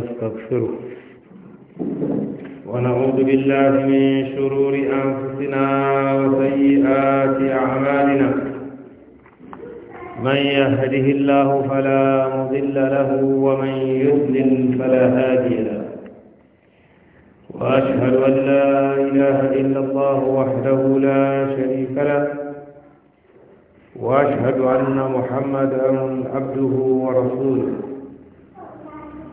نستغفره ونعوذ بالله من شرور أنفسنا وسيئات أعمالنا من يهده الله فلا مضل له ومن يضلل فلا هادي له وأشهد أن لا إله إلا الله وحده لا شريك له وأشهد أن محمدا عبده ورسوله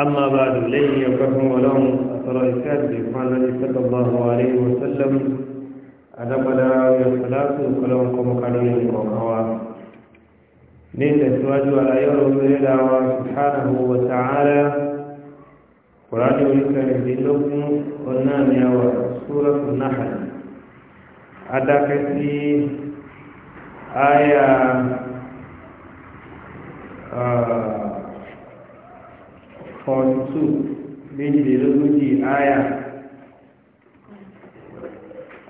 أما بعد لي يكفهم ولهم أثر إساد بإخوان الذي صلى الله عليه وسلم أدبنا والصلاة والسلام قم قليل وقوا نين أسواج على يوم الله سبحانه وتعالى قرآن الكريم لكم قلنا يا سورة النحل أدكتي آية آه forty two méjìlélógójì àyà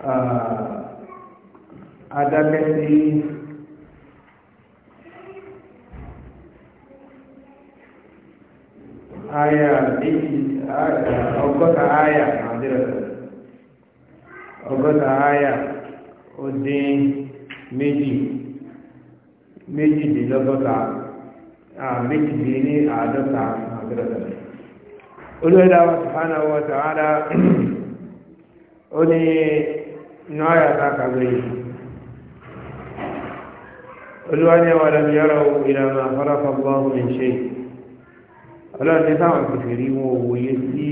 ah, adábẹ́ sí àyà méjì ọgọ́ta àyà ọgọ́ta àyà ó dín méjì méjìdínlọ́gọ́ta ah, méjìdínláàádọ́ta àdúrà tẹ̀lé olóyèdá wa sùhánà wa sàhánà ó ní náà ta kàgbé yìí olúwa ní wa lam yaraw ila ma khalaqa Allahu min shay ọlọ́run ní táwọn kìfìrí wọn ò wòye sí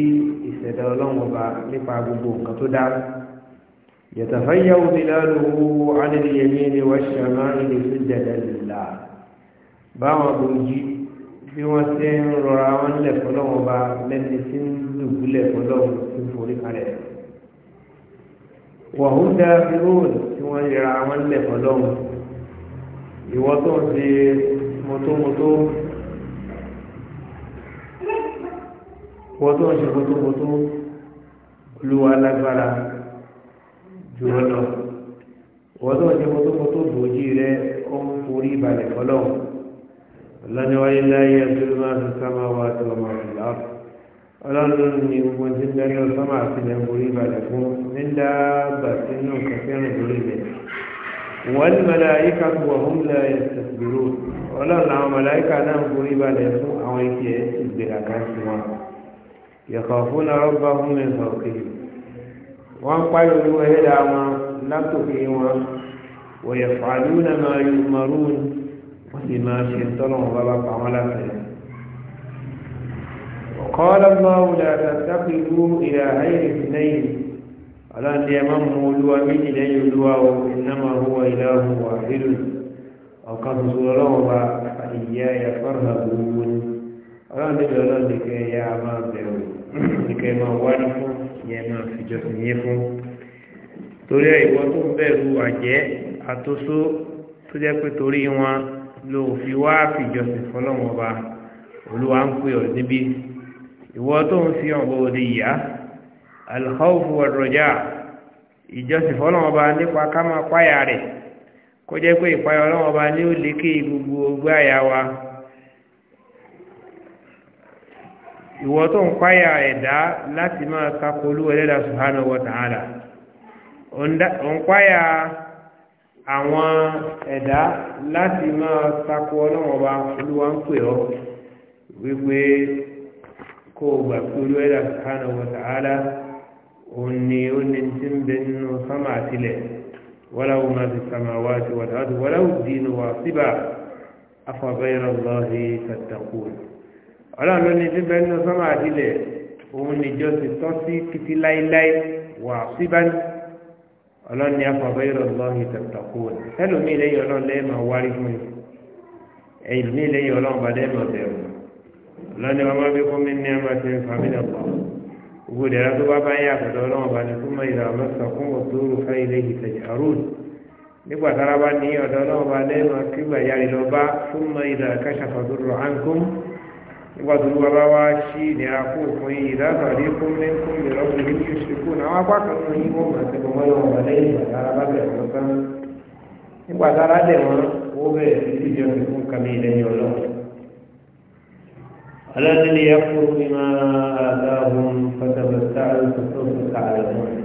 ìṣẹ̀dá ọlọ́run ọba nípa gbogbo nǹkan tó dára يتفيأ ظلاله عن اليمين والشمال سجدا لله بعض الجيء bí wọ́n ṣe ń rọra wọn lẹ̀ fọlọ́wọ́n ba lẹ́ni tí ń dùbúlẹ̀ fọlọ́wọ́n tí ń forí kalẹ̀ wọ̀hún dá irúwọ̀n tí wọ́n yẹra wọn lẹ̀ fọlọ́wọ́n ìwọ tó ń ṣe mọ́tómọ́tó ìwọ tó ń ṣe mọ́tómọ́tó olúwa lágbára jùlọ lọ ìwọ tó ń ṣe mọ́tómọ́tó bòójì rẹ ó ń forí balẹ̀ fọlọ́wọ́n ọlọ́ni wáyé láyé ẹ̀dúró máa fi sámá wá tó ọmọ ìlà ọlọ́run ní gbogbo tí ń darí ọ̀sán máa fi lẹ́ borí balẹ̀ fún ní dáàbà tí inú kẹfẹ́rìn lórí rẹ̀ wọ́n ní màláyíká tó wà fún ilẹ̀ ìṣègbèrò ọlọ́run àwọn màláyíká náà borí balẹ̀ fún àwọn ike ìgbéraga sí wọn yẹ̀kọ̀ fún arọ́gbà fún mi sọ̀kè wọ́n páyọ̀ olúwẹ̀ẹ́dà wọn látòkè wọn wọ̀yẹ̀ fàlú wọ́n sì máa ṣe tọ́lọ́wọ́n bá bá pa wọ́n láfẹ́ kọ́lá máa wùdà àtàkìlú ìlà ayé lẹ́yìn aláǹdí ẹ má mú olúwa méjì lẹ́yìn olúwa o ìnáma huwa ìlà huwa ìlú ọ̀kan tuntun lọ́wọ́ bá ìyá ẹ̀ fọ́nà gbogbo ni aláǹdí lọ́lọ́ nìkẹ́ ya máa bẹ̀rù nìkẹ́ máa wárí fún ìyẹn máa fìjọsìn yé fún torí ẹ̀ ìwọ tó ń bẹ̀rù àjẹ́ àtúnṣó tó jẹ́ pé torí wọn ló fi wá fìjọsìn fọlọ́wọ́n ọba olúwa ń pè ọ́ níbí ìwọ tó ń fi hàn bóde ìyá alkhawfu warroja ìjọsìn fọlọ́wọ́n ọba nípa ká máa páyà rẹ̀ kó jẹ́ pé ìpáyà ọlọ́wọ́n ọba ní ó lékè gbogbo ogbó àyà wa ìwọ tó ń páyà ẹ̀dá láti máa takò olúwẹ̀lẹ́dà subhanahu wa ta'ala ò ń páyà àwọn ẹ̀dá láti máa takò ọlọ́run ọba olúwa ń pè ọ́ wípé kó o gbà pé olú ẹ̀dá subhanahu wa ta'ala òun ni ó ní tí ń bẹ nínú sámà àtìlẹ̀ walaw ma fi samawati wal ardi walaw dinu wasiba afa ghayra Allahi tattaqun ọlọ́run ló ní tí ń bẹ nínú sámà àtìlẹ̀ òun níjọ́ ti tọ́ sí títí láíláí wà síbá ọlọ́ni afọ̀bẹ́ ìrọ̀lọ́hì tẹ̀tọ̀kù ẹlòmí lẹ́yìn ọlọ́run lẹ́ẹ̀mọ̀ wárí fún mi ẹlòmí lẹ́yìn ọlọ́run bá lẹ́ẹ̀mọ̀ bẹ̀rù ọlọ́ni ọmọ bí fún mi ní ẹ̀mọ́ ti ń fa mí lọ́pọ̀ gbogbo ìdẹ̀ra tó bá bá ń yà pẹ̀lú ọlọ́run bá ní fúnmọ́ ìlà mẹ́sàn fún òtúrù fẹ́ ilé ìtẹ̀jẹ̀ àrùn nígbà tára bá ní ọ̀dọ́ ọlọ́run bá lẹ́ẹ̀mọ̀ nígbà tó lúwa bá wá sí ní àpò fún yìí látàrí fún ní fún mi lọ́pọ̀ ní ní ìṣẹ́kù àwọn apá kan ní yìí wọ́n máa ti bọ́ mọ́lẹ́ wọn lẹ́yìn ìgbà tára bá bẹ̀rẹ̀ wọn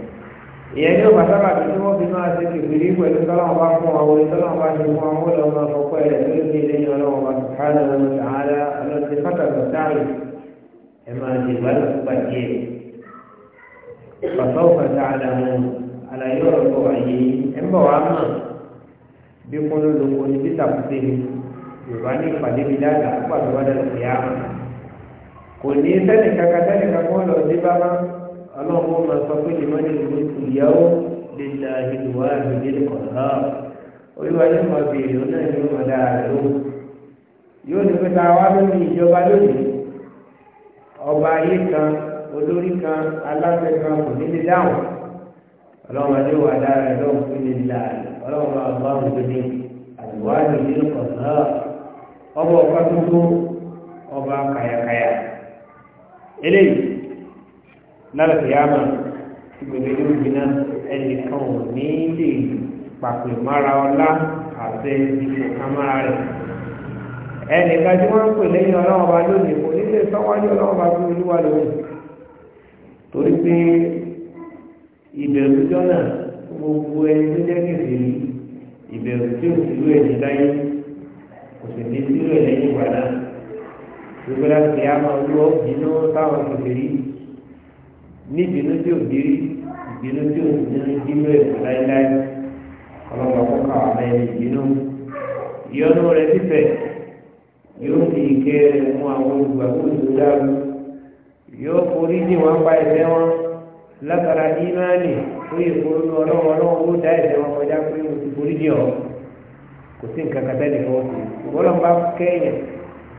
ìyẹn ní ọ̀pá sábà tí wọ́n fi máa ṣe kìkìrí pẹ̀lú tọ́lọ́wọ́n bá fún àwọn olùtọ́lọ́wọ́n bá ṣe fún àwọn olùtọ́lọ́wọ́n fọ́pẹ́ rẹ̀ lórí lẹ́yìn ọlọ́wọ́n bá sùkánà lọ́wọ́ sàárà ọlọ́sẹ̀ pàtàkì táàrí ẹ̀ máa ṣe ìgbàlọ́ fúgbà díẹ̀. pàtó pàtó àdàmú àlàyé ọ̀rọ̀ bọ̀ wáyé ẹ̀ ń bọ̀ wá mọ̀ bí kún ló lóko ní títà kúté ni yorùbá ní ìpàdé mi dáadáa pàtó wá dá ọlọ́run ó máa sọ pé lèmọ́lẹ̀ ló ti yáwó lílà ìlúwà ìdílé kọ̀ọ̀nà olúwa yóò máa béèrè ó náà yóò máa dára rẹ̀ lóhùn yóò ní pẹ́ta wá lórí ìjọba lónìí ọba ayé kan olórí kan aláṣẹ kan kò ní lè dáhùn ọlọ́run adé wà dára rẹ̀ lóhùn fún lílà ọlọ́run máa bá òun lónìí àdìwá ìdílé kọ̀ọ̀nà ọba ọ̀pá tuntun ọba kàyàkàyà eléyìí lára kìyàmà ìgbèrè ló gbiná ẹnì kan ò ní lè pàpè mára ọlá àti ipò kan mára rẹ̀ ẹnì kan tí wọ́n ń pè lẹ́yìn ọlọ́run ọba lónìí kò ní lè sọ́wájú ọlọ́run ọba fún olúwa lónìí torí pé ìbẹ̀rù jọ́nà gbogbo ẹni tó jẹ́ kékeré ìbẹ̀rù tí ò sí lóye ní láyé kò sì ní sílò lẹ́yìn ìgbà náà gbogbo láti kìyàmà olúwa bínú táwọn kékeré yìí ní ìbínú tí ò dérí ìbínú tí ò ní nínú èkó láéláé ọlọ́pàá kó kà wá lẹ́yìn ìbínú ìyọnu rẹ fífẹ̀ yóò fi ìkẹ́ rẹ mú àwọn olùgbàgbọ́ òṣèlú dáàbò yóò forí ní wọn pa ẹ̀ṣẹ̀ wọn látara ìmánì tó yẹ kóró ní ọlọ́run ọlọ́run ó dá ẹ̀ṣẹ̀ wọn kọjá pé o ti forí ní ọ kò sí nǹkan kan tẹ́lẹ̀ fọwọ́ sí bá kẹ́yìn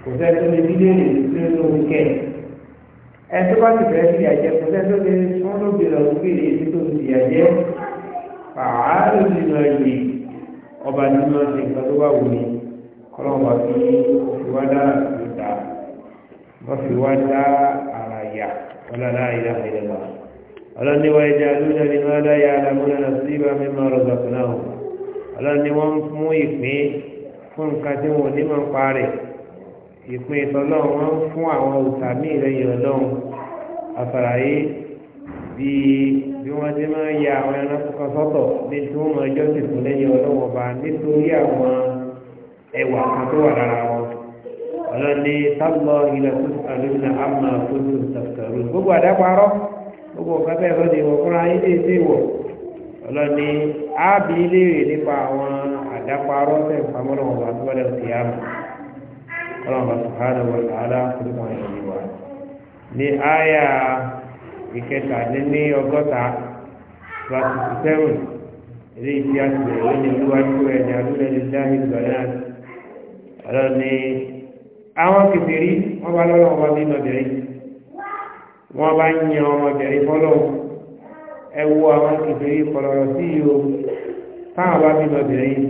kò sẹ́ni tó lè dídé lè lè lóhun kẹ́yìn ẹtọ́ bá ti fẹ́ fi àjẹ kò sẹ́tọ́ lè fún lóbi lọ gbére ibi tó ti àjẹ pàálù nínú ẹ̀yìn ọba nínú ẹ̀sìn kan tó wà wù ní kọ́lọ́mọba fi òfìwá dá ìta wọ́n fi wá dá ara yà wọ́n lára ìlà ìlẹ̀lá ọlọ́ni wa ìdí alúdà ni wọ́n alámúlẹ̀ náà sí ibà mímọ́ ọ̀rọ̀ gbàgbọ́n náà ọlọ́ni wọ́n mú ìpín fún nǹkan tí wọ́n ní mọ̀ ń parẹ́ ìpín ìtọ́nà wọn fún àwọn òsàmì ìrẹyìn ọlọ́run àfàlàyé bí bí wọ́n ti máa ya àwọn ẹranko kan sọ́tọ̀ nítorí wọn ẹjọ́ sì fún lẹ́yìn ọlọ́run ọba nítorí àwọn ẹwà kan tó wà lára wọn ọlọ́ni sábọ̀ ilẹ̀ tó àlùmínà àmà fótó tàkàrù gbogbo àdáparọ́ gbogbo nǹkan bẹ́ẹ̀ lọ́dẹ ìwọ̀ fúnra yín lè ṣe ìwọ̀ ọlọ́ni ábí léèrè nípa àwọn àdáparọ́ tẹ̀ pamọ́ lọ́wọ́ àtúwọ́lẹ̀ òkè àmà ọlọ́mọba sùhánà wọ ìhàlá kúrúkọ ìrìn wa ní àyà ìkẹta ní ní ọgọ́ta twenty seven ilé ìdí àtìlẹ̀ ìwé ní olúwájú ẹ̀ ní adúlẹ̀ ní dáhì gbọ̀dán ọlọ́run ní àwọn kìtìrí wọ́n bá lọ́wọ́ wọn nínú ọbẹ̀rẹ̀ wọ́n bá ń yan ọmọbìnrin fọ́lọ́ ẹ wo àwọn kìtìrí kọlọ̀rọ̀ sí yìí o táwọn bá bímọ obìnrin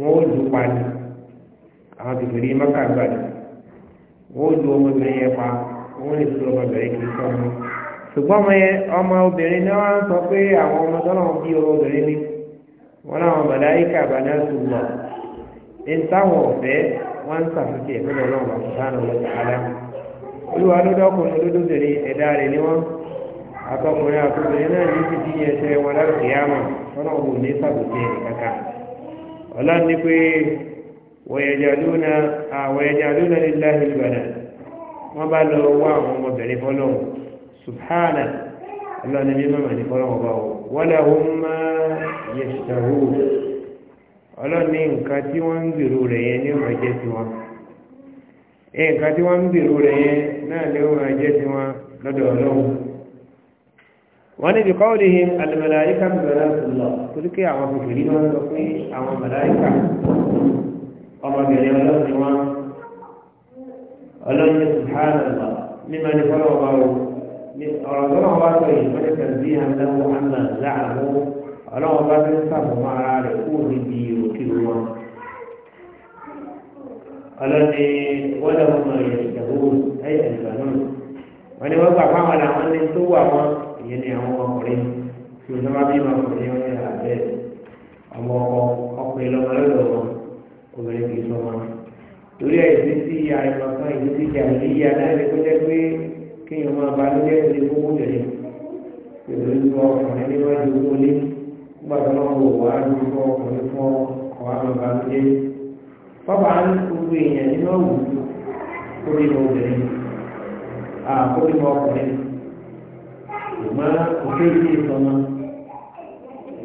wọn ó lù pa ni. àwọn kìfìrí mọ́kà gbàdì wọ́n lu ọmọbìnrin yẹn pa wọ́n lè fi ọmọbìnrin kì í sọ ọmọ ṣùgbọ́n ọmọ yẹn ọmọ obìnrin ni wọ́n sọ pé àwọn ọmọ tọ́lá wọn bí ọmọbìnrin ni wọ́n àbáná tó lọ ní táwọn ọ̀fẹ́ wọ́n ń ọlọ́run àti olúwa ẹ̀dá rẹ̀ ni wọ́n àtọkùnrin àtọkùnrin náà ní ti dín ẹsẹ̀ wọn lárúkìyàmọ̀ wọn ní ẹ̀ kankan ọlọ́run ní wọ̀yẹ̀jàdúnà àwọ̀yẹ̀jàdúnà níláhìí ìbàdà wọ́n bá lọ wá àwọn ọmọbìnrin fọ́lọ́wọ́ subhana ọlọ́ni mímọ́ mà ní fọ́lọ́wọ́ bá wọ́ wọ́lá òun máa yẹ ṣàwó ọlọ́ni nǹkan tí wọ́n ń gbèrò rẹ̀ yẹn ní ọmọ ẹ̀jẹ̀ tí wọ́n nǹkan tí wọ́n ń gbèrò rẹ̀ yẹn náà ní ọmọ ẹ̀jẹ̀ tí wọ́n lọ́dọ̀ ọlọ́wọ́ wọ́n ní bíkọ́ òde hin alìmọ̀láyíká bẹ̀rẹ̀ lọ́wọ́ torí pé àwọn ọmọbìnrin ọlọ́sìn wọn ọlọ́sìn sùhánàlá mímọ ní fọlọ́wọ́ bá wò ọ̀rọ̀ tó náà wá sọ yìí wọ́n ti tẹ̀sí àdáwọ̀ àná láàmú ọlọ́wọ́ bá ti ń sàmùmọ́ ara rẹ̀ kú níbi òkè ọmọ ọkọ̀ ọkùnrin obìnrin kì í sọmọ torí ẹ̀sìn sí àìmọ̀kan ìlú ti jà ní ìyá náà kó jẹ́ pé kéèyàn máa ba ló jẹ́ ìlú gbogbo tẹ̀lé ìlú tó ọkùnrin níwájú owó lé nígbà tó wò wá ọkùnrin fún ọkọ̀ àwọn gbogbo èèyàn nínú kó obìnrin kó ọkùnrin òkè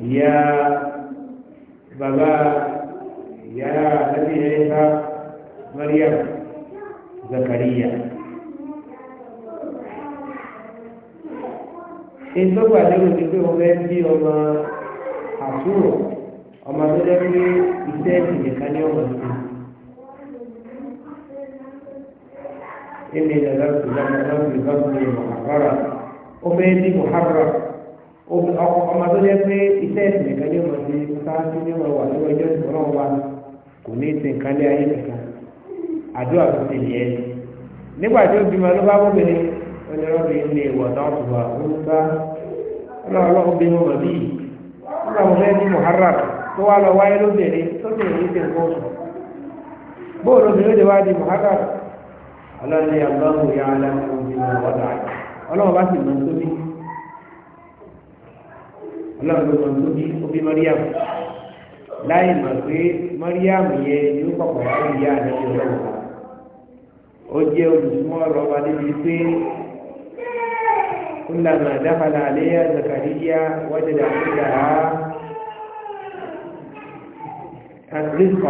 ìyá يا الذي عيسى مريم زكريا ètò ìgbàlérò ti pé ọmọ ẹbí ọmọ àtúrò ọmọ tó jẹ pé iṣẹ́ ìdílé ká ní ọmọ sí. Èmi ìdàgbà tó dáná náà fi bá mi mọ̀hàbárà. Ọmọ ẹbí mọ̀hàbárà. Ọmọ tó jẹ pé iṣẹ́ ìdílé ká ní kò ní ti nǹkan lé ayé nìkan àdúrà tó ti nígbà tí ló bá náà tó wà ó ń bá bí ní muharram tó lọ wáyé lóbìnrin yìí ti bóòlù obìnrin lè wá di muharram ọlọ́run yà bá wù yà aláwọ̀ bímọ ọ̀dà bá sì mọ̀ tó bí ọlọ́run mọ̀ tó bí ó mọ̀ mariam yẹn ni ó kọ̀kọ̀ wá ní ìyá rẹ̀ lọ́wọ́ ó jẹ́ olùsúmọ́ ọlọ́ba níbi pé كلما دخل عليها زكريا وجد عندها الرزق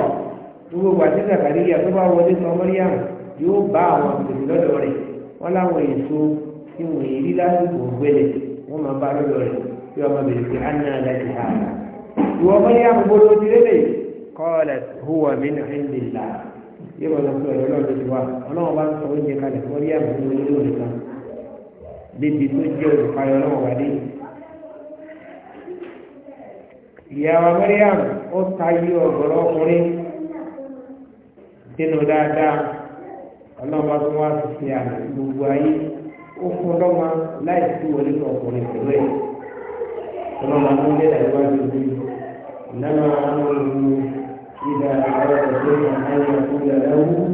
gbogbo àti zakariya tó bá wọlé sọ mọ́ríyàm yóò bá àwọn àgbèrè lọ́dọ̀ rẹ̀ wọ́n láwọn èso tí wọ́n yìí rí lásìkò gbélé wọ́n máa bá lọ́dọ̀ rẹ̀ tí wọ́n máa bèrè pé á ní ìwọ qalat huwa min indillah yóò lọ sí ọ̀rọ̀ náà lójú wa ọlọ́run bá ń sọ oúnjẹ kalẹ̀ fún orí àbúrò olóòrùn nìkan débi tó jẹ́ olùpayọ̀ náà wà dé. ìyàwó mẹ́ríàm ó tayé ọ̀gọ̀rọ̀ ọkùnrin sínú dáadáa ọlọ́run bá tún wá sí ṣe àmì gbogbo ayé ó fún lọ́mọ láì sí wọlé ní ọkùnrin pẹ̀lú ẹ̀ ọlọ́run bá tún lé àìwájú ìlú ìlànà àwọn olùkọ́. إذا أراد شيئا أن يقول له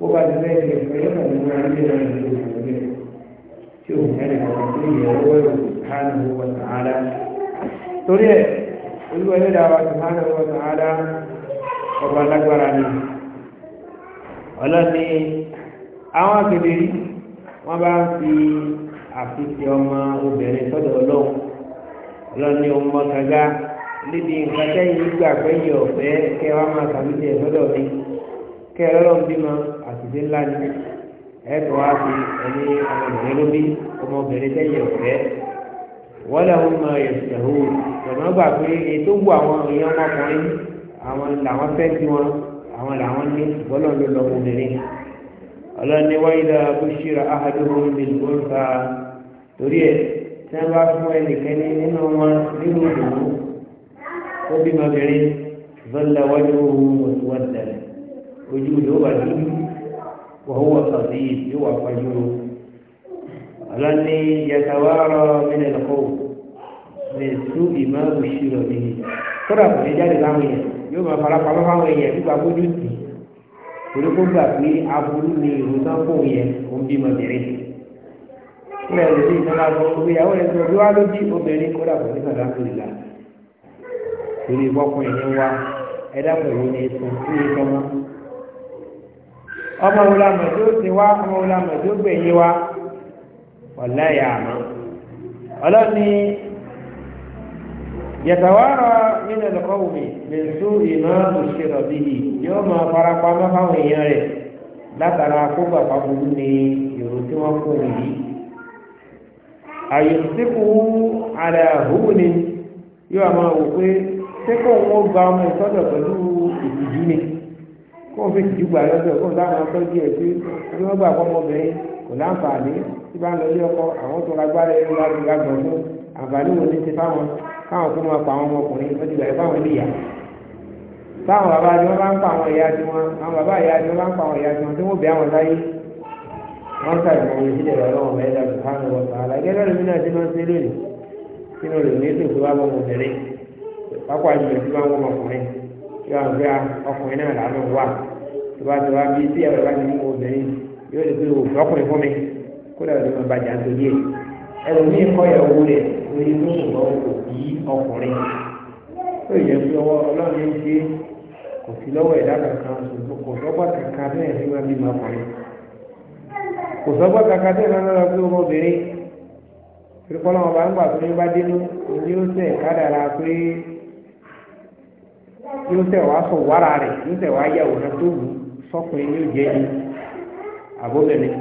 وبعد ذلك فيما المعلمين من شوف هنا هو سبحانه وتعالى تريد الولد سبحانه وتعالى ọba lágbára ni ọlọ́ni àwọn akédèrí wọ́n bá ń fi àfihàn ọmọ obìnrin sọ́dọ̀ ọlọ́run ọlọ́ni ọmọ kàgá níbi nǹkan tẹ́yìn gbàgbẹ́ yẹ ọ̀fẹ́ kẹ wá máa sàmìtì ẹ̀ lọ́dọ̀ mi kẹ lọ́dọ̀ mi mọ àtìdé ńlá ni ẹ̀tọ́ wá sí ẹni ọmọbìnrin ló bí ọmọbìnrin tẹ́yìn ọ̀fẹ́ wọ́n lè wọ́n máa yẹ̀ sẹ̀hó lọ́nà gbà pé ètò wù àwọn èèyàn ọmọkùnrin àwọn làwọn fẹ́ sí wọn àwọn làwọn ní bọ́lọ̀ ló lọ obìnrin ọlọ́ni wáyé dára bó ṣíra áhàdúró mi ló wọ́n bá fún ẹnìkan nínú wọn nínú ìdùnnú ó bí mọ́bìnrin zọ́lá wájú ohun wọ́síwọ́sẹ̀ ojú ló wà dúdú wọ́n wọ́n sọ̀tí yìí wà pàjù ọlọ́ni yàtàwárọ̀ mílẹ̀ lọ́kọ́ lè sú ìmọ̀ òṣìrò mi kódà kò ní jáde láwọn èèyàn yóò máa fara pamọ́ fáwọn èèyàn nígbà bójú tì torí kó gbà pé aburú ni ìrù fóun yẹn ó ń bímọ bìnrin kódà lè ní ìtàn àgbọn ìgbéyàwó rẹ̀ tó wá lójú obìnrin kódà kò ní sàdánkù ìlànà torí ìbọ́kùnrin ní wa ẹ̀dá pẹ̀lú ní ẹ̀sùn tí ó sọmọ. ọmọ òun làmọ̀ tí ó ti wá ọmọ òun làmọ̀ tí ó gbẹ̀yìn wa ọ̀la ẹ̀yà àmọ́. ọlọ́ni yàtàwárọ̀ nínú ẹ̀lọ́kọ́ wùmí lẹ́sù ìmọ̀ òṣèlú bí yìí yóò máa fara pamọ́ èèyàn rẹ̀ látara kókò àpapọ̀ ní èrò tí wọ́n kó nìyí. àyè síkú àdàhùn ni yóò máa wò pé ṣé kó wọn gba ọmọ ìsọdọ̀ pẹ̀lú ìtìjú ni kó wọn fi ìtìjú gbà lọ́dọ̀ kó wọn dáhùn ọtọ́ díẹ̀ sí bí wọ́n gbà fọ́ ọmọbìnrin kò láǹfààní tí bá ń lọ ilé ọkọ àwọn tó lágbára ẹni lágbára gbọ̀n fún àǹfààní wo ní ti fáwọn káwọn kó máa pa àwọn ọmọkùnrin wọ́n ti gbàgbé fáwọn níyà táwọn bàbá ni wọ́n bá ń pa àwọn ìyá tí wọ́n àwọn bàbá ìyá ni wọ́n bá ń pa àwọn ìyá tí wọ́n tí wọ́n bẹ àwọn láyé wọ́n sàgbọ̀n wọn sí ìdẹ̀rẹ̀ ọlọ́wọ́ mẹ́ta sùkánù wọn sàlàyé lọ́rùn mi náà ti máa ń ṣe lónìí sínú rẹ̀ ní ètò ìfowópamọ́ obìnrin pápá ìlú tí wọn wọ ọkùnrin tí wọn fẹ́ ọkùnrin náà làánú wà tó bá tó wá bí tí ẹ̀rọ bá ti ní obìnrin yóò lè fi òfin ọkùnrin fún mi kó lè lọ́ọ́ bá jà nítorí ẹ̀ ẹlòmíì kọ́ ìyàwó rẹ̀ lórí tó ń lọ kò bí ọkùnrin ó yẹ kí ọwọ́ ọlọ́run ń ṣe kò sí lọ́wọ́ ẹ̀dá kankan ṣùgbọ́n kò sọ́gbà kankan bẹ́ẹ̀ ní wọn bí ọkùnrin kò sọ́gbà kankan bẹ́ẹ̀ lọ́nà lọ bí ọmọbìnrin torí kọ́ lọ́wọ́ bá ń gbà tó ní bá dénú òní ó sẹ̀ kádàrá pé yóò tẹ̀ wá sọ wàrà rẹ̀ yóò tẹ̀ wá yà wòrán tó wù sọ́kùnrin yóò jẹ́ ni àbóbẹ̀rẹ̀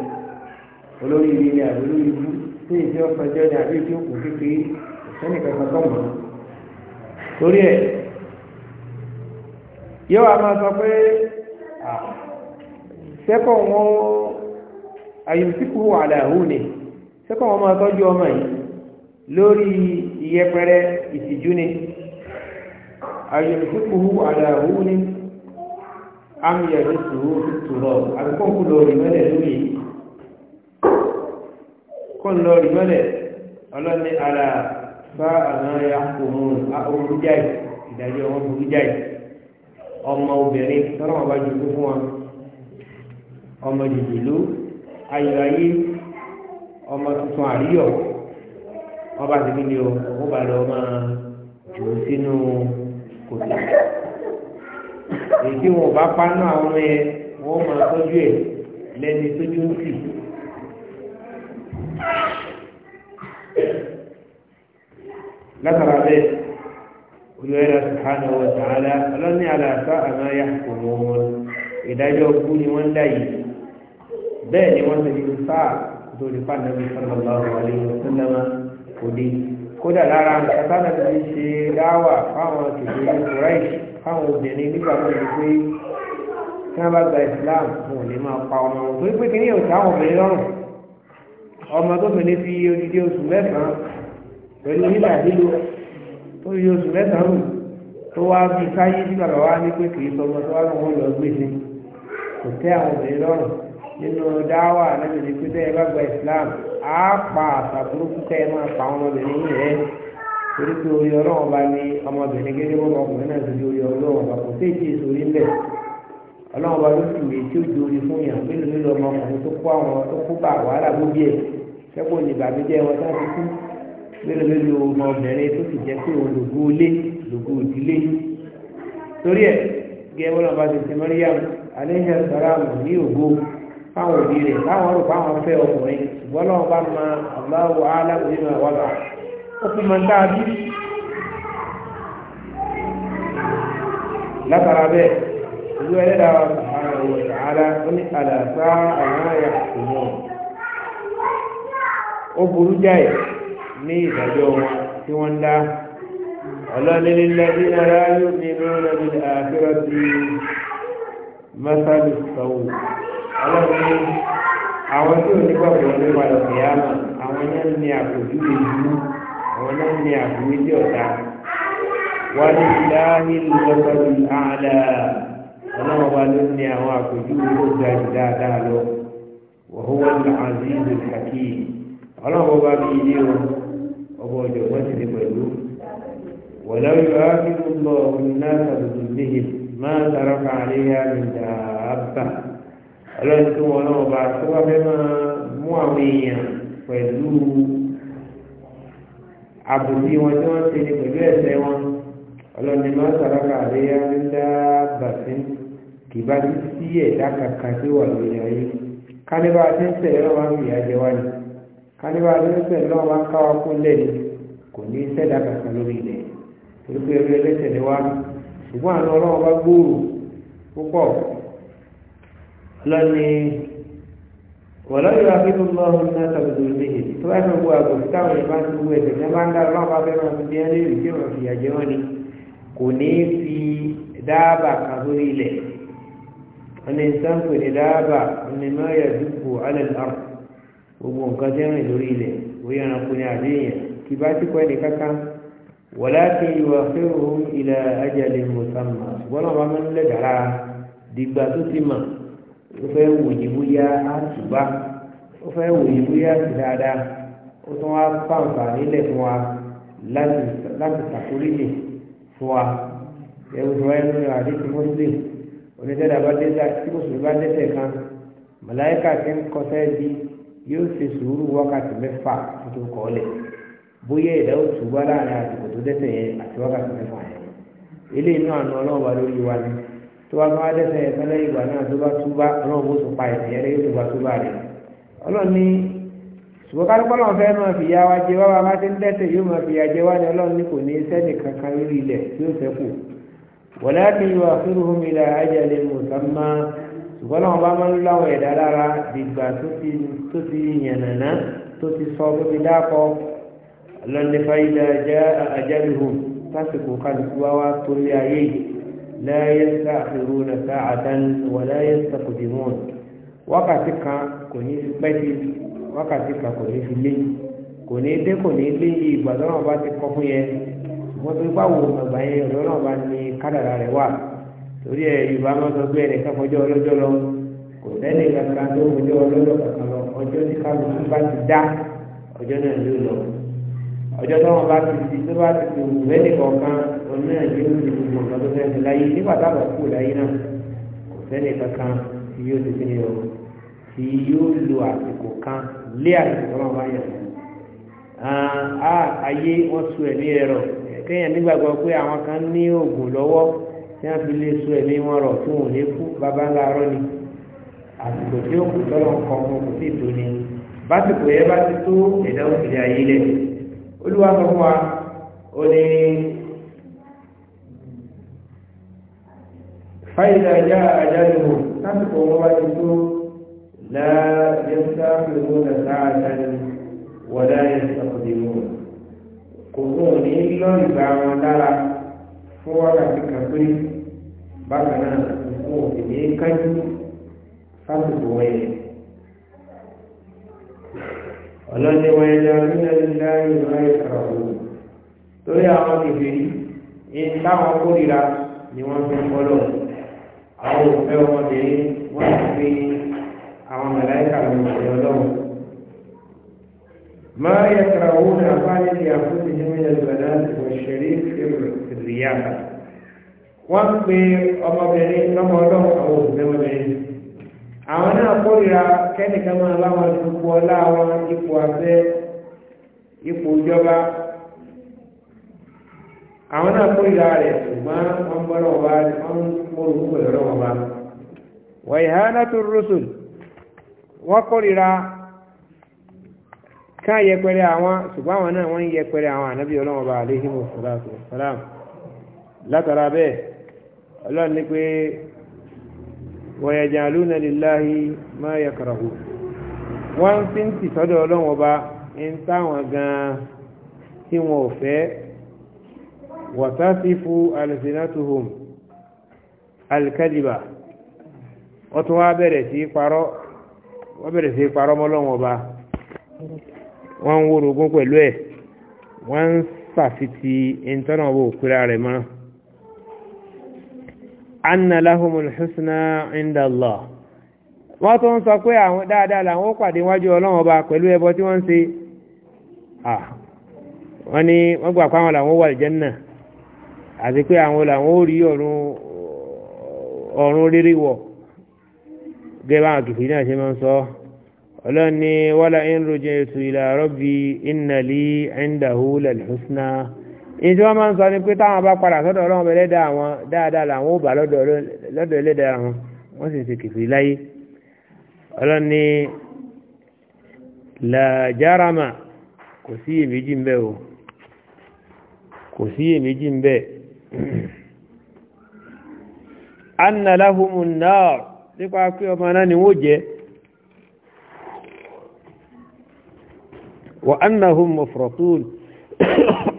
olórí ilé ni àbí olórí ibú tí èyí tí ó fẹjọ́ ni àbí tí ó kù kékeré sẹ́ni kankan tó mọ̀ torí ẹ̀ yóò wá máa sọ pé sẹ́kọ̀ wọn àyùsíkù àdàhù ni sẹ́kọ̀ wọn máa tọ́jú ọmọ yìí lórí ìyẹpẹrẹ ìtìjú ni ayọ̀lùkúkú aláwọ̀ ní àmìyàrí sùúrù tùrọ̀ àbíkọ́kù lọ rí mẹ́lẹ̀ lórí kún lọ rí mẹ́lẹ̀ ọlọ́ni ara bá àwọn ya òun àorú jáì ìdájọ́ wọn burú jáì ọmọ obìnrin tọ́lá wọn bá jùlọ fún wọn ọmọ jùjùlú ayọ̀ ayé ọmọ tuntun àríyọ̀ ọba tìbí ni ó bá lọ máa jù sínú kò sí. èyí wọn bá paná àwọn yẹn wọn máa tọ́jú ẹ̀ lẹ́ni tójú ń sì. látara bẹ́ẹ̀ olùwẹ́rẹ́ sàánà wọ̀ sàánà ọlọ́ní àlàáfà àmọ́ yà kò mọ́ wọn ìdájọ́ kú ni wọ́n ń dá yìí bẹ́ẹ̀ ni wọ́n ti di sáà lórí pàdánù sọ́lọ́lá ọ̀rọ̀ àlejò sọ́lọ́mà kò dé kódà lára nǹkan tánà ti fi ṣe dáwà fáwọn kìkì ìfúráì fáwọn obìnrin nígbà tó ti pé tí wọ́n bá gba islam wọn ò ní máa pa ọmọ wọn torí pé kí ní òkè àwọn obìnrin lọ́rùn ọmọ tó fi ní fi odidi oṣù mẹ́sàn-án pẹ̀lú nígbà lílo tó fi oṣù mẹ́sàn-án rù tó wá bí káyé nígbà tó wá ní pé kì í sọ ọmọ tó wá lọ́wọ́ lọ gbèsè kò tẹ́ àwọn obìnrin lọ́rùn nínú dáwà náà lè pété ẹ bá gba islam á pa àṣà burúkú kẹ́ ẹ máa pa ọmọbìnrin yìí rẹ torí pé orí ọlọ́run ọba ni ọmọbìnrin gẹ́gẹ́ bọ́ ọkùnrin náà ti di orí ọlọ́run ọba kò sí èsì ìsòrí ńlẹ̀ ọlọ́run ọba ló sì lè tí ó di orí fún yàn pé lórí ọmọ ọkùnrin tó kó àwọn tó kó bá wàhálà gbóbi ẹ̀ sẹ́kù oníbàbíjẹ́ wọn tá a ti kú mélòó mélòó ọmọbìnrin tó sì jẹ́ pé òun lògó ilé lògó ìdílé torí ẹ̀ gẹ́gẹ́ bọ́lá ọba ti ti mọ́ríyàm alẹ́ fáwọn òbí rẹ̀ láwọn rò fáwọn fẹ́ ọkùnrin ṣùgbọ́n náà bá ma aláwọ̀ aláwọ̀ ìmọ̀ wọ́lá ó fi máa ń dá bí látara bẹ́ẹ̀ ìlú ẹlẹ́dà àwọn ìhàlá ó ní àlàáfà àwọn àyà ìmọ̀ ó burú jáì ní ìdájọ́ wọn tí wọ́n ń dá ọlọ́lẹ́lẹ́lẹ́dí náà ní ìrọ̀lẹ́bí àfẹ́rẹ́ sí mẹ́sàlì sọ́wọ́ ọlọ́run ní àwọn tí ò ní gbàgbọ́ ní padà kìyàmà àwọn náà ní àbójú ìlú àwọn náà ní àbúrú tí ọ̀tá wà ní ìdáhì lọ́sọ̀rọ̀ àádá ọlọ́run ọba ló ní àwọn àbójú ìlú ga jù lọ wọ́n wọ́n azizu kàkí ọlọ́run ọba bí ilé o ọba ọ̀jọ̀gbọ́n ti di pẹ̀lú wọ́lá yóò á fi lọ́ọ̀ ní náà tàbí tó máa tàrọ́ kàlẹ́ yá ní dáàbà ọlọ́run tó wọn náà bá tó wá fẹ́ máa mú àwọn èèyàn pẹ̀lú àbòsí wọn tí wọ́n ṣe ní pẹ̀lú ẹ̀ṣẹ̀ wọn ọlọ́run ni máa sàrákà àríyá ń dá bàtí kì bá ti sí ẹ̀dá kàkà tí wà lórí ayé kánibà tí ń tẹ̀lé ọ̀wá ń fìyà jẹ wá ni kánibà tí ń tẹ̀lé ọ̀wá ń káwá kún lẹ́nu kò ní sẹ́dá kàkà lórí ilẹ̀ torí pé ẹgbẹ́ ẹlẹ́sẹ̀ ni wá ṣùgbọ́n àná ọlọ́run bá gbòòrò púpọ̀ lọ́ni wọ̀lọ́yọ̀ akínú lọ́rùn náà tàbí lóyún tó bá fẹ́ gbọ́ àgọ́ táwọn ìbá ń gbogbo ẹ̀sẹ̀ ní bá ń dá ọlọ́run bá fẹ́ máa fi bíẹ́ léèrè tí wọ́n fi àjẹ́ wọn ni kò ní fi dáàbà kan sórí ilẹ̀ ẹni sáǹpẹ̀ ní dáàbà ẹni máa yà dúpọ̀ alẹ́ lọ́rùn gbogbo nǹkan tí wọ́n rìn lórí ilẹ̀ bóyá ẹranko ni àdéhìyàn kì bá ti kọ́ ẹnì kankan wọ̀láàkì ó fẹ́ wò ní bóyá á tùbá ó fẹ́ wò ní bóyá sì dáadáa ó tún wá pàǹpà nílẹ̀ fún wa láti ṣàkóríjì fún wa ẹ̀rù tó wáyé lórí àdéhùn mọ́sílẹ̀ onídẹ́dà bá dẹ́sẹ̀ tí mùsùlùmí bá dẹ́sẹ̀ kan màláìkà ti ń kọsẹ́ bí yóò ṣe sùúrù wákàtí mẹ́fà tuntun kọ́ lẹ̀ bóyá ìdá ó tùbá láàrin àsìkò tó dẹ́sẹ̀ yẹn àti wákàtí mẹ́fà yẹn eléyìí náà nù ọlọ́ọ̀bá lórí wa ni tó bá tún wá dẹ́ṣẹ̀ ẹ̀sán lẹ́yìn ìgbà náà tó bá túbá ọlọ́run bó tún pa ẹ̀sìn yẹn lẹ́yìn tó bá túbá rẹ̀ ọlọ́run ní ṣùgbọ́n kálukọ́lọ́ fẹ́ máa fi ya wa jẹ wá bàbá tí ń dẹ́ṣẹ̀ yóò máa fi ya jẹ wá ni ọlọ́run ní kò ní sẹ́nì kankan lórí ilẹ̀ tí ó fẹ́ kù wọ̀lá kí n wà fúru fún mi la ajálẹ̀ mùsàmá ṣùgbọ́n náà bá máa ń láwọn ẹ̀dá lára dìgbà tó ti yànnàná tó ti sọ tó ti dákọ̀ lọ́nẹ́fà ìdá ajá àjálùhùn lásìkò kálukú wá wá torí ayé yìí la yasta'khiruna sa'atan wa la yastaqdimun wákàtí kan kò ní fi pẹ́ sí wákàtí kan kò ní fi lé kò ní dé kò ní lé yìí ìgbà tó náà bá ti kọ́ fún yẹn wọ́n fi bá wo àgbà yẹn ọ̀dọ́ náà bá ní kádàrà rẹ̀ wà torí ẹ̀ yorùbá máa sọ pé ẹnìkan fọjọ́ ọlọ́jọ́ lọ kò sẹ́ni kankan tó fọjọ́ ọlọ́jọ́ kankan lọ ọjọ́ tí kálukú bá ti dá ọjọ́ náà ló lọ ọjọ́ táwọn bá ti di tó bá ti di òwú rẹ nìkan kan òun náà yóò ní gbogbo nǹkan tó fẹ́ẹ́ fi láyé nígbà táwọn kù láyé náà kò sẹ́ni kankan tí yóò ti kíni o tí yóò lo àsìkò kan lé àsìkò náà wáyà ah, ah, ayé wọn sọ ẹ̀mí rẹ rọ kéèyàn nígbàgbọ́ pé àwọn kan ní oògùn lọ́wọ́ tí wọ́n fi lè sọ ẹ̀mí wọn rọ tí wọn ò lè kú bàbá ńlá arọ́ ni àsìkò tí ó kù tọ́lọ́ nǹkan ọmọ kò sí ìtò ni básìkò yẹn bá ti tó ẹ̀dá òkèlè ayé lẹ́yìn olúwa sọ fún wa ó ní fáìlì ajá àjálù lásìkò wọn wá ti tó láàyẹsà fìlú nàta àjálù wọ́n láyẹsà fìlú kò fún òní lọ́rùn ìgbà wọn dára fún wákàtí kan pé bákan náà kò fún òní ní kájú lásìkò wọn yẹn ọlọ́ni wọn ẹ̀yà orílẹ̀ nílá ìlú ẹ̀ka òun torí àwọn kìfìrí ní táwọn kórìíra ni wọ́n fi fọ́lọ̀ àwọn òfẹ́ ما يكرهون أفعال لأنفسهم من البنات والشريك في الرياضة. وأن أمبرين لما لهم أو أمبرين àwọn náà kórìíra kẹ́nìkan máa bá wọn ọlá wọn ipò abẹ́ ipò ìjọba àwọn náà rẹ̀ ṣùgbọ́n wọ́n gbọ́dọ̀ wá wọ́n mọ̀rún pẹ̀lú ọ̀rọ̀ wọn bá. wọ̀nyí hánà wọ́n kórìíra ká yẹpẹrẹ àwọn ṣùgbọ́n àwọn náà wọ́n ń yẹpẹrẹ àwọn ànábì ọlọ́wọ́n bá aléhìmọ̀ látara bẹ́ẹ̀ ọlọ́run ní pé wọ̀yẹ̀jàlúnà líláhi máa yẹ kàràhù wọ́n fi ń tì sọ́dọ̀ ọlọ́run ọba ń táwọn gan-an tí wọn ò fẹ́ wọ̀tásífù alìsínátùhùm alìkádìbà wọ́n tún wá bẹ̀rẹ̀ sí parọ́ wọ́n bẹ̀rẹ̀ sí parọ́ mọ́lọ́run ọba wọ́n ń wórogún pẹ̀lú ẹ̀ wọ́n ń sàfitì ìtọ́nà owó òkúra rẹ̀ mọ́ anna lahumul husna inda Allah wọ́n tó ń sọ pé àwọn dáadáa làwọn ó pàdé wájú ọba pẹ̀lú ẹbọ tí wọ́n ń ṣe wọ́n ní wọ́n gbà pé làwọn wà ìjẹ́nà àti pé àwọn làwọn ó rí ọ̀run rírí wọ̀ náà ṣe máa sọ èyí tí wọ́n máa ń sọ ni pé táwọn bá padà sọ́dọ̀ ọlọ́run bẹ lẹ́dàá àwọn dáadáa làwọn ò bá lọ́dọ̀ ẹlẹ́dàá wọn wọ́n sì ṣe kìfì láyé ọlọ́run ní làjárama kò sí èméjì ń bẹ o kò sí èméjì ń bẹ anna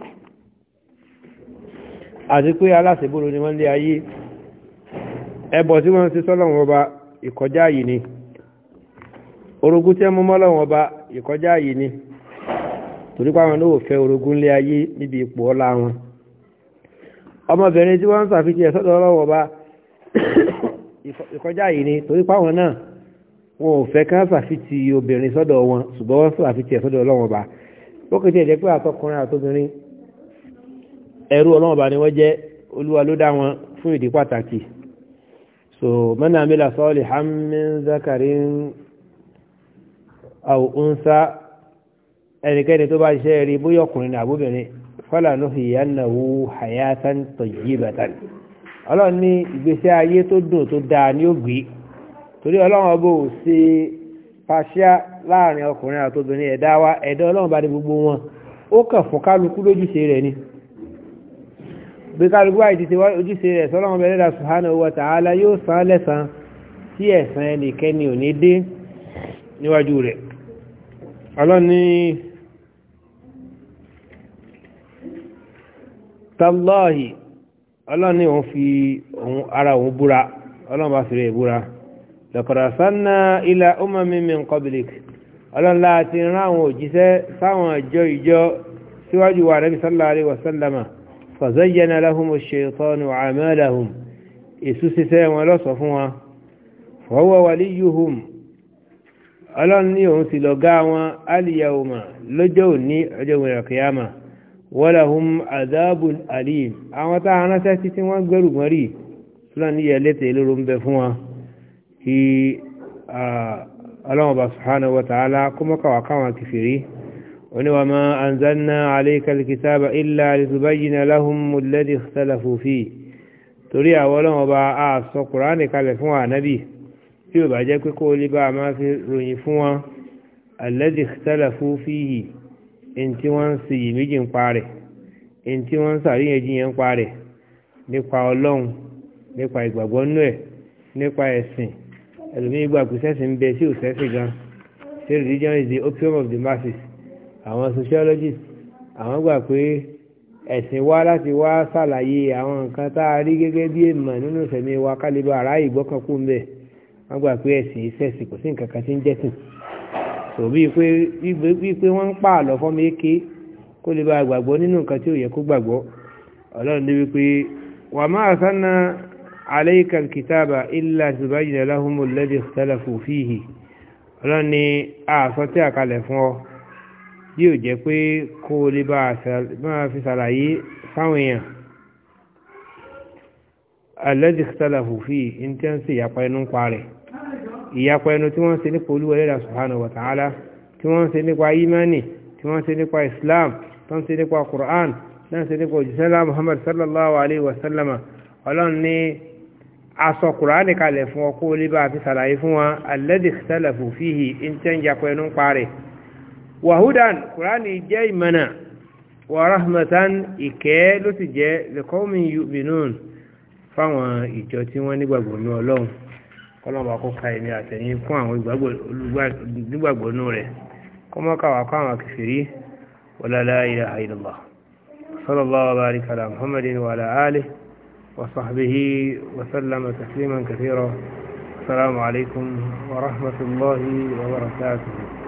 àti pé aláṣẹ́bòrò ni wọ́n lé ayé ẹbọ tí wọ́n ti sọ́lọ́wọ́n ọba ìkọjá yìí ni orogún tí wọ́n mọ́lọ́wọ́n ọba ìkọjá yìí ni torí páwọn náà fẹ́ orogún lé ayé níbi ipò ọlá wọn ọmọbìnrin tí wọ́n ń sàfihàn sọ́dọ̀ ọlọ́wọ́n ọba ìkọjá yìí ni torí páwọn náà wọn ò fẹ́ ká sàfihàn obìnrin sọ́dọ̀ wọn ṣùgbọ́n ẹrú ọlọ́run ọba ni wọ́n jẹ́ olúwa ló dá wọn fún ìdí pàtàkì so man amila salihan min zakarin aw unsa ẹnikẹ́ni tó bá ṣiṣẹ́ rí bóyá ọkùnrin ní àbúbìnrin falanuhyiyannahu hayatan tayyibatan ọlọ́run ní ìgbésí ayé tó dùn tó dáa ní ògbé torí ọlọ́run ọba ò ṣe pàṣẹ láàrin ọkùnrin àtobìnrin ẹ̀dá wa ẹ̀dá ọlọ́run bá ní gbogbo wọn ó kàn fún kálukú lójúṣe rẹ̀ ni bí kálukú àìtìtì ojúṣe rẹ̀ sọ́lọ́wọ́n bẹ̀rẹ̀ dà subhanahu wa ta'ala yóò san lẹ́san tí ẹ̀san ẹnìkẹ́ni ò ní dé níwájú rẹ̀ ọlọ́ni tallahi ọlọ́ni òun fi ara òun búra ọlọ́run bá fi rẹ̀ búra فزين لهم الشيطان أعمالهم إسوس سيما لصفوا فهو وليهم ألن يمسي لقاوا اليوم لجوني عجوم القيامة ولهم عذاب أليم أما تعالى ساتي وانقروا مري لن يلتي لرم بفوا هي ألم سبحانه وتعالى كما كوا كوا كفري وما أنزلنا عليك الكتاب إلا لتبين لهم الذي اختلفوا فيه torí àwọn ọlọ́run ọba a sọ kùránì kalẹ̀ fún ànábì tí ò bá jẹ́ pé kó lè bá a máa fi ròyìn fún wọn alladhi ikhtalafu fihi in tí wọ́n sì yìí méjì ń pa in tí wọ́n ń sàríyànjiyàn ń nípa ọlọ́run nípa ìgbàgbọ́ nú ẹ̀ nípa ẹ̀sìn ẹlòmíín gbàgbé bẹ sí òsẹ́sìn gan ṣé religion is the opium of the masses àwọn sociologist àwọn gbà pé ẹ̀sìn wá láti wá ṣàlàyé àwọn nǹkan tá a rí gẹ́gẹ́ bí èèmọ̀ nínú ìfẹ̀mí wa kálíbà aráyè gbọ́kànkú ń bẹ̀ wọ́n gbà pé ẹ̀sìn ìṣẹ̀sìn kò sí nǹkan kan tí ń jẹ́sìn tò bíi pé bíi pé wọ́n ń pa àlọ́ fọ́mọ eke kó lè bá gbàgbọ́ nínú nǹkan tí ò yẹ kó gbàgbọ́ ọlọ́run ní wípé wà máa sánà alayka alkitaba illa tubayyina lahumul ladhi ikhtalafu fihi ọlọ́run ní àsọtí àkalẹ̀ fún ọ bí ò jẹ́ pé kó o lè máa fi ṣàlàyé fáwọn èèyàn alẹ́dì sálàfù fi intense ìyapa ẹnu ń pa rẹ̀ ìyapa ẹnu tí wọ́n ṣe nípa olúwa ẹlẹ́dà subhanahu wa ta'ala tí wọ́n ṣe nípa imani tí wọ́n ṣe nípa islam tó ń ṣe nípa quran tó ń ṣe nípa òjísẹ́lá muhammad sallallahu alayhi wa sallama ọlọ́run ní aṣọ quran kalẹ̀ fún ọkọ̀ olébà fi ṣàlàyé fún wa alẹ́dì sálàfù fihi ìyapa ẹnu ń pa rẹ̀ wàhúdàn kùránì jẹ́ ìmọ̀nà wà rahmatan ìkẹ́ ló sì jẹ́ lẹ́kọ́mí yu'minun fáwọn ìjọ tí wọ́n nígbàgbọ́ ní ọlọ́run kọ́lọ́mà kó ka ẹ̀mí àtẹ̀yìn fún àwọn nígbàgbọ́ ní rẹ̀ kọ́mọ́kàwà kọ́ àwọn kìfìrí wala la ilaha wa rahmatullahi wa barakatuh